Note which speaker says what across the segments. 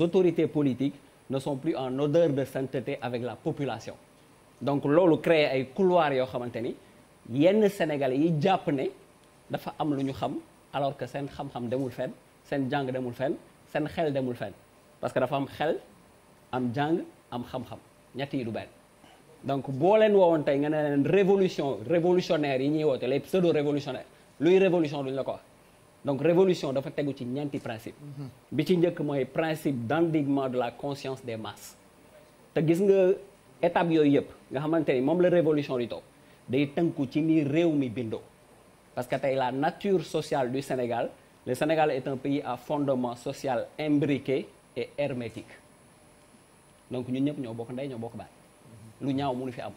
Speaker 1: autorités politiques ne son plus en odeur de sainteté avec la population donc loolu créer ay couloirs yoo xamante ni yenn sénégal yi jàpp ne dafa am lu ñu xam alors que seen xam-xam demul fenn seen jàng demul fenn seen xel demul fenn parce que dafa am xel am jàng am xam-xam ñett yi du benn donc boo leen woowoon tey nga ne leen révolution révolutionnaire yi ñuy woote les pseudo révolutionnaires luy révolution duñ la ko donc révolution dafa tegu ci ñeenti principe mhm. bi ci njëkk mooy principe d'endiguement de la conscience des masses te gis nga étape yooyu yëpp nga xamante ni moom la révolution di toog day tënku ci ni réew mi bindoo parce que tey la nature sociale du Sénégal le Sénégal est un pays à fondement sociale imbriqué et hermétique donc ñun ñëpp ñoo bokk ndey ñoo bokk baay lu ñaaw mu mënu fi am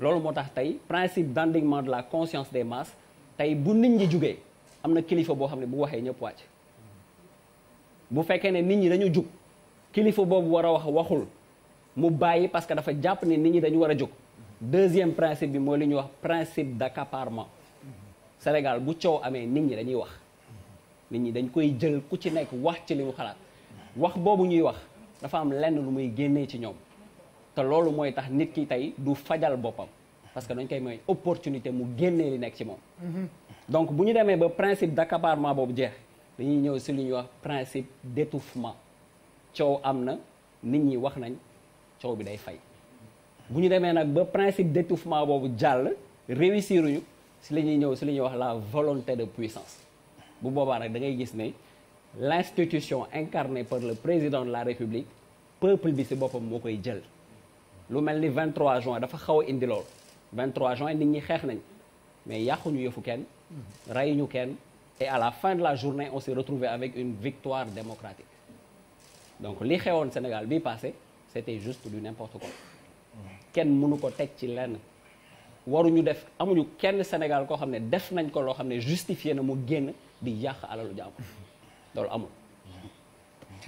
Speaker 1: loolu moo tax tey principe d'endiguement de la conscience des masses tey bu nit ñi jugee am na kilifa boo xam ne bu waxee ñëpp wàcc bu fekkee ne nit ñi dañu jug kilifa boobu war a wax waxul mu bàyyi parce que dafa jàpp ne nit ñi dañu war a jóg deuxième principe bi mooy li ñuy wax principe d'accaparement Sénégal bu coow amee nit ñi dañuy wax nit ñi dañ koy jël ku ci nekk wax ci li mu xalaat wax boobu ñuy wax dafa am lenn lu muy génnee ci ñoom te loolu mooy tax nit ki tey du fajal boppam parce que dañ koy mooy opportunité mu génnee li nekk ci moom mm-hmm. donc bu ñu demee ba principe d'accaparement boobu jeex dañuy ñëw si lu ñuy wax principe d'étouffement coow am na nit ñi wax nañ coow bi day fay bu ñu demee nag ba principe d'étouffement boobu jàll réussir ñu si la ñuy ñëw si li ñuy wax la volonté de puissance bu boobaa nag da ngay gis ne l'institution incarnée par le président de la République peuple bi si boppam moo koy jël lu mel ni 23 juin dafa xaw a indi lool 23 nit ñi xeex nañ mais yàquñu yëfu ñu kenn et à la fin de la journée on s'est retrouvé avec une victoire démocratique donc li xewoon Sénégal bi passé c'était juste du n'importe quoi kenn mënu ko teg ci lenn waruñu def amuñu kenn Sénégal koo xam ne def nañ ko loo xam ne justifié na mu génn di yàq alalu jàmbur loolu amul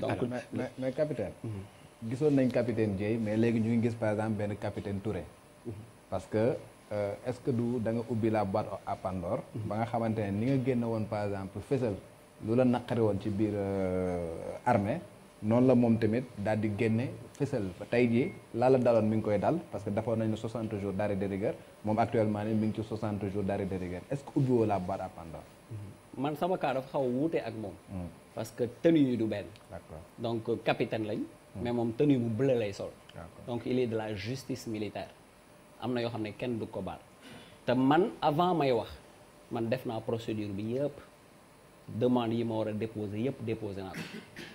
Speaker 2: donc mais mais capitaine mhm. gisoon nañ capitaine Dièye mais léegi ñu ngi gis par exemple benn capitaine Touré mhm. parce que Euh, est-ce que du da nga ubbi la boîte à Pandore mhm. ba nga xamante ne ni nga génne woon par exemple fësal lu la naqari woon ci biir euh, armée noonu la moom tamit daal di génne fësal ba tey jii laa la daloon mi ngi koy dal parce que defoon nañu 60 jours d'arrêt de rigueur moom actuellement ni mi ngi ci 60 jours d'arrêt de rigueur est-ce que ubbi woo la boîte à mhm.
Speaker 1: man sama cas dafa xaw a ak moom
Speaker 2: mm. parce que tenue yi du benn donc
Speaker 1: euh, capitaine lañ mm. mais moom tenue bu bleu lay sol donc il de la justice militaire am na yoo xam ne kenn du ko baal te man avant may wax man def naa procédure bi yëpp demande yi ma war a déposer yëpp déposé naa ko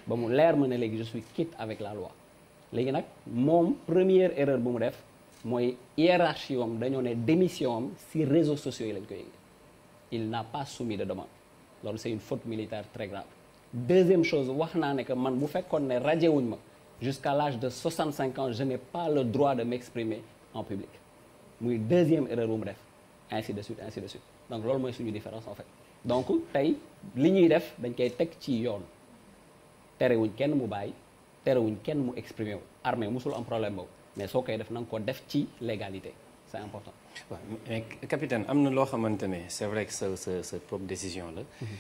Speaker 1: ba mu leer ma ne léegi je suis quitte avec la loi léegi nag moom première erreur bu mu def mooy hiérarchie am dañoo ne démission am si réseaux sociaux yi lañ koy yëg il n'a pas soumis de demande loolu c'est une faute militaire très grave deuxième chose wax naa ne que man bu fekkoon ne rajewuñ ma jusqu'à l'âge de 65 ans je n'ai pas le droit de m'exprimer en public muy deuxième erreur bu mu def ainsi de suite ainsi de suite donc loolu mooy suñu différence en fait donc tey li ñuy def dañ koy teg ci yoon terewuñ kenn mu bàyyi terewuñ kenn mu exprimer wu armée musul am problème boobu mais soo koy def na nga ko def ci légalité c'est important. capitaine am na loo xamante ne c'est vrai que sa sa sa propre décision la. Mm-hmm.